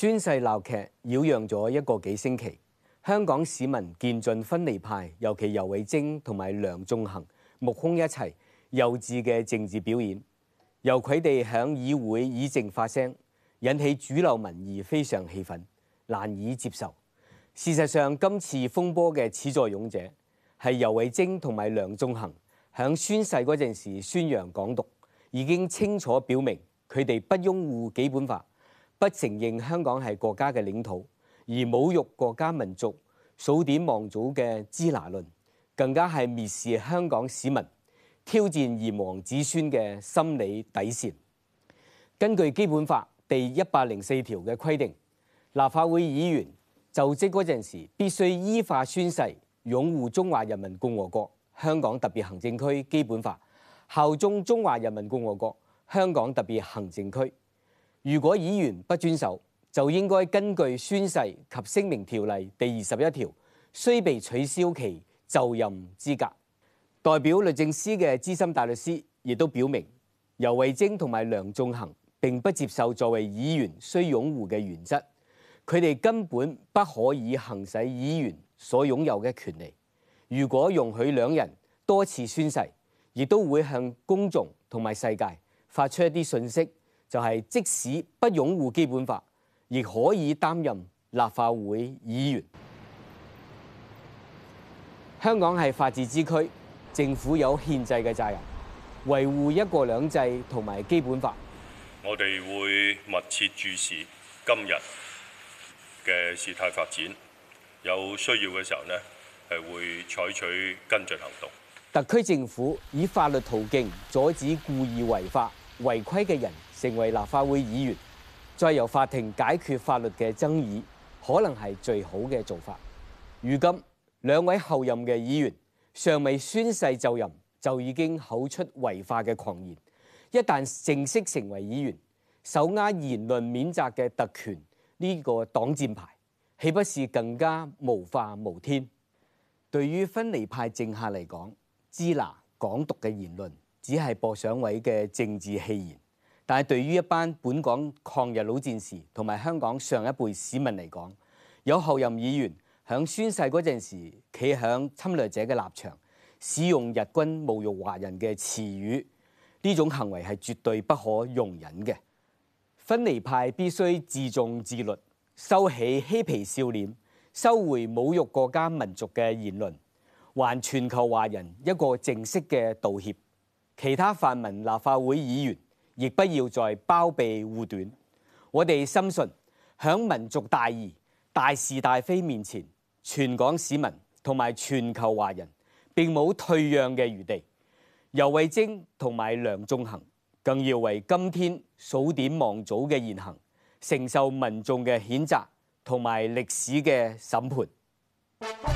宣誓鬧劇擾攘咗一個幾星期，香港市民見盡分離派，尤其游蕙禎同埋梁頌恆目空一切幼稚嘅政治表演，由佢哋響議會議政發聲，引起主流民意非常氣憤，難以接受。事實上，今次風波嘅始作俑者係游蕙禎同埋梁頌恆，響宣誓嗰陣時宣揚港獨，已經清楚表明佢哋不擁護基本法。不承認香港係國家嘅領土，而侮辱國家民族、數典忘祖嘅支那論，更加係蔑視香港市民、挑戰炎黃子孫嘅心理底線。根據《基本法》第一百零四條嘅規定，立法會議員就職嗰陣時必須依法宣誓，擁護中華人民共和國香港特別行政區基本法，效忠中華人民共和國香港特別行政區。如果議員不遵守，就應該根據宣誓及聲明條例第二十一條，須被取消其就任資格。代表律政司嘅資深大律師亦都表明，游蕙禎同埋梁頌恆並不接受作為議員須擁護嘅原則，佢哋根本不可以行使議員所擁有嘅權利。如果容許兩人多次宣誓，亦都會向公眾同埋世界發出一啲訊息。就係、是，即使不擁護基本法，亦可以擔任立法會議員。香港係法治之區，政府有憲制嘅責任維護一國兩制同埋基本法。我哋會密切注視今日嘅事態發展，有需要嘅時候呢，係會採取跟進行動。特區政府以法律途徑阻止故意違法違規嘅人成為立法會議員，再由法庭解決法律嘅爭議，可能係最好嘅做法。如今兩位候任嘅議員尚未宣誓就任，就已經口出違法嘅狂言。一旦正式成為議員，手握言論免責嘅特權，呢、這個擋箭牌，豈不是更加無法無天？對於分離派政客嚟講，支持港獨嘅言論，只係博上位嘅政治戲言。但係，對於一班本港抗日老戰士同埋香港上一輩市民嚟講，有候任議員響宣誓嗰陣時，企響侵略者嘅立場，使用日軍侮辱華人嘅詞語，呢種行為係絕對不可容忍嘅。分離派必須自重自律，收起嬉皮笑臉，收回侮辱國家民族嘅言論，還全球華人一個正式嘅道歉。其他泛民立法會議員，亦不要再包庇護短。我哋深信，響民族大義、大是大非面前，全港市民同埋全球華人並冇退讓嘅餘地。游蕙禎同埋梁頌恆更要為今天數典忘祖嘅言行，承受民眾嘅譴責同埋歷史嘅審判。